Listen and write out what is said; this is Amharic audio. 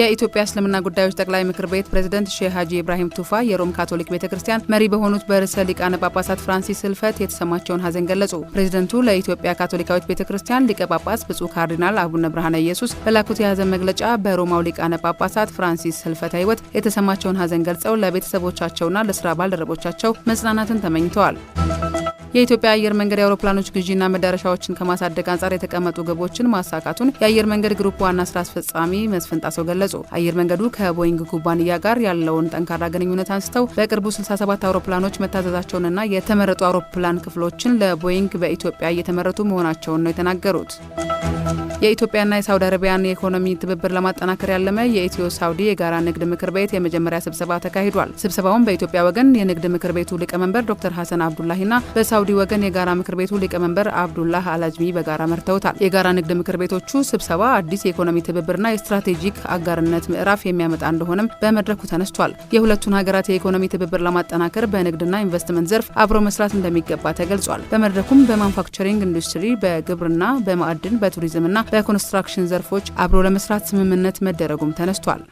የኢትዮጵያ እስልምና ጉዳዮች ጠቅላይ ምክር ቤት ፕሬዝደንት ሼህ ሀጂ ኢብራሂም ቱፋ የሮም ካቶሊክ ቤተ ክርስቲያን መሪ በሆኑት በርዕሰ ሊቃነ ጳጳሳት ፍራንሲስ ህልፈት የተሰማቸውን ሀዘን ገለጹ። ፕሬዚደንቱ ለኢትዮጵያ ካቶሊካዊት ቤተ ክርስቲያን ሊቀ ጳጳስ ብፁዕ ካርዲናል አቡነ ብርሃነ ኢየሱስ በላኩት የሀዘን መግለጫ በሮማው ሊቃነ ጳጳሳት ፍራንሲስ ህልፈተ ህይወት የተሰማቸውን ሀዘን ገልጸው ለቤተሰቦቻቸውና ለስራ ባልደረቦቻቸው መጽናናትን ተመኝተዋል። የኢትዮጵያ አየር መንገድ የአውሮፕላኖች ግዢና መዳረሻዎችን ከማሳደግ አንጻር የተቀመጡ ግቦችን ማሳካቱን የአየር መንገድ ግሩፕ ዋና ስራ አስፈጻሚ መስፍን ጣሰው ገለጹ። አየር መንገዱ ከቦይንግ ኩባንያ ጋር ያለውን ጠንካራ ግንኙነት አንስተው በቅርቡ 67 አውሮፕላኖች መታዘዛቸውንና የተመረጡ አውሮፕላን ክፍሎችን ለቦይንግ በኢትዮጵያ እየተመረቱ መሆናቸውን ነው የተናገሩት። የኢትዮጵያና የሳውዲ አረቢያን የኢኮኖሚ ትብብር ለማጠናከር ያለመ የኢትዮ ሳውዲ የጋራ ንግድ ምክር ቤት የመጀመሪያ ስብሰባ ተካሂዷል። ስብሰባውን በኢትዮጵያ ወገን የንግድ ምክር ቤቱ ሊቀመንበር ዶክተር ሀሰን አብዱላሂና በሳውዲ ወገን የጋራ ምክር ቤቱ ሊቀመንበር አብዱላህ አላጅሚ በጋራ መርተውታል። የጋራ ንግድ ምክር ቤቶቹ ስብሰባ አዲስ የኢኮኖሚ ትብብርና የስትራቴጂክ አጋርነት ምዕራፍ የሚያመጣ እንደሆነም በመድረኩ ተነስቷል። የሁለቱን ሀገራት የኢኮኖሚ ትብብር ለማጠናከር በንግድና ኢንቨስትመንት ዘርፍ አብሮ መስራት እንደሚገባ ተገልጿል። በመድረኩም በማንፋክቸሪንግ ኢንዱስትሪ፣ በግብርና፣ በማዕድን፣ በቱሪዝምና በኮንስትራክሽን ዘርፎች አብሮ ለመስራት ስምምነት መደረጉም ተነስቷል።